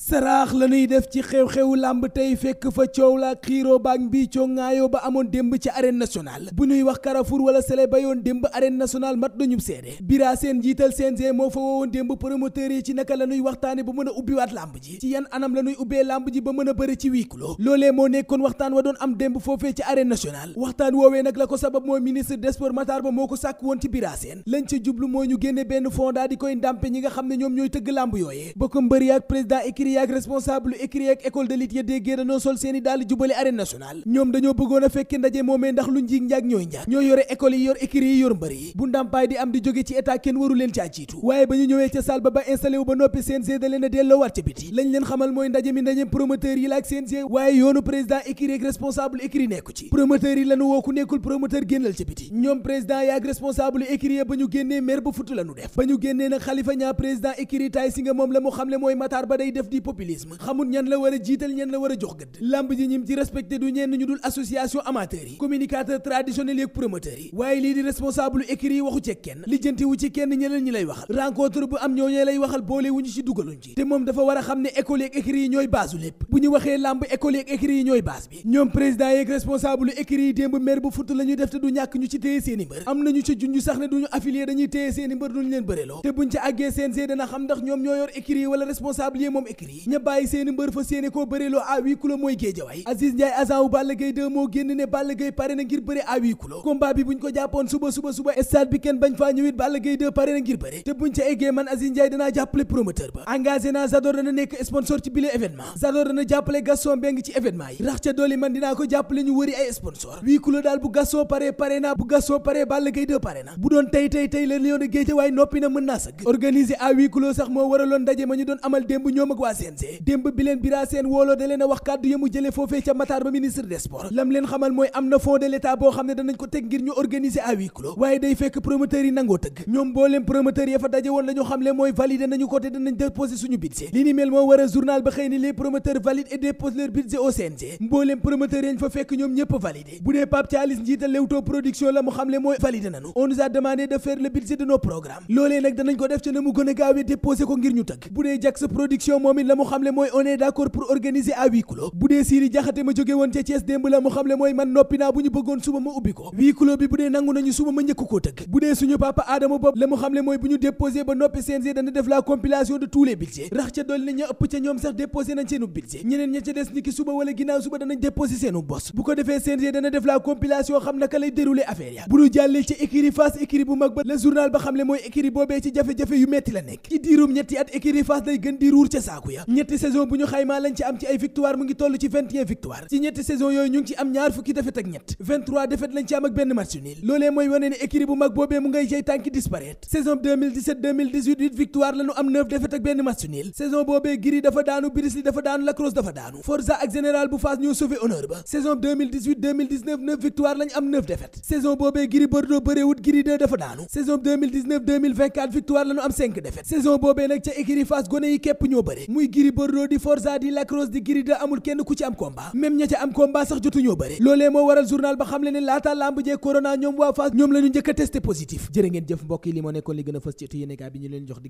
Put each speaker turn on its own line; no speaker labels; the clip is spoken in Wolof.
saraax la ñuy def ci xew-xewu làmb tey fekk fa coow la xiiroo baag mbiicoo ŋaayoo ba amoon démb ci arène nationale bu ñuy wax Carrefour wala sele ba yoon démb arène nationale mat nañu seede bira seen jiital CNG moo fa woowoon démb promoteurs yi ci naka la ñuy waxtaane ba mën a ubbiwaat làmb ji ci yan anam la ñuy ubbee làmb ji ba mën a bëre ci huis clos loolee moo nekkoon waxtaan wa doon am démb foofee ci arène nationale waxtaan woowee nag la ko sabab woon ci bira seen daal di koy ndàmpe ñi nga xam ñooy tëgg làmb yooyee ba écurie responsable écurie ya dee génnanoo sol seeni daal jubale arène ñoom dañoo bëggoon fekke ndaje moomee ndax lu njiig njaag ñooy njaag ñoo yore école yi yor écurie yi yor mbër yi bu ndàmpaay di am di jóge ci état kenn waru leen waaye ba ñu ñëwee ca salle ba ba ba noppi CNG da leen a delloowaat ca biti lañ leen xamal mooy ndaje mi ndaje promoteur yi laak CNG waaye yoonu président écurie yi lañu responsable écurie ya ci ñan la war jiital ñan la war jox gëdd lamb ji ñim ci respecté du ñenn ñu dul association amateurs yi communicateur traditionnels yi ak promoteurs yi waaye lii di responsable écrit yi waxu ci kenn lijjanti ci kenn ñeneen ñi lay waxal rencontre bu am ñooñee lay waxal boole wu ñu ci dugaluñ ci te moom dafa war a xam ne école yeeg écrit yi ñooy baasu lépp bu ñu waxee lamb école yeeg écrit yi ñooy baas bi ñoom président yi démb responsable yi moom nekk nii ña bàyyi seeni mbër fa séene koo bëriloo à huis clos mooy géejawaay Aziz Ndiaye agent wu Balla Gaye moo génn ne Balla Gaye pare na ngir bëri à huis clos ca eggee man Aziz Ndiaye danaa jàppale promoteur ba engagé naa Zador dana nekk sponsor ci bile événement Zador dana jàppale Gaston Mbengue ci événement yi rax ca dooli man dinaa ko jàppale ñu wëri ay sponsor huis clos daal bu Gaston pare pare na bu Gaston pare Balla Gaye pare na bu doon tey tey tey waa CNG démb bi leen wooloo da leen a wax kàddu yamu jële foofee ca Matar Ba ministre des sports leen xamal mooy am na fond de l'État boo xam ne danañ ko teg ngir ñu organiser à huis clos waaye day fekk promoteurs yi nangoo tëgg ñoom mbooleem promoteurs ya fa daje woon la xamle mooy valider nañu ko te danañ déposer suñu budget li ni mel moo war a journal ba xëy ni les promoteurs valident et déposent leur budget au CNG la mu xamle mooy valider nañu on nous a demandé de faire le budget de nos tamit la mu xamle mooy on est d'accord pour organiser à huis clos bu dee Siri Jaxate ma jóge woon ca Thiès démb la mu xamle mooy man noppi naa bu ñu bëggoon suba ma ubbi ko huis bi bu dee nangu nañu suba ma njëkk koo tëgg bu dee suñu papa Adama Bob la mu xamle mooy bu ñu déposé ba noppi CNG dana def la compilation de tous les budgets rax ca dolli na ña ëpp ca ñoom sax déposé nañ seenu budget ñeneen ña ca des ni ki suba wala ginnaaw suba dana def yokku ya ñetti saison bu ñu xaymaa lañ ci am ci ay victoire mu ngi toll ci 21 victoire ci ñetti saison yooyu ñu ci am ñaar fukki defet ak ñett 23 defet lañ ci am ak benn match nul mooy wane ne équipe bu mag boobee mu ngay jey tànki disparaître saison 2017 2018 8 victoire lañu am 9 defet ak benn match saison boobee Giri dafa daanu Brisli dafa daanu Lacrosse dafa daanu Forza ak Général bu Fass ñoo sauvé muy Gris Bordeaux di Forza di Lac Rose di Gris amul kenn ku ci am combat même ña ca am combat sax jotuñoo bëre loolee moo waral journal ba xam ne laata lamb jee ñoom waa Fass ñoom la njëkk a positif jërë ngeen jëf mbokk yi li li gën fës ci ëttu yéenekaay bi ñu leen jox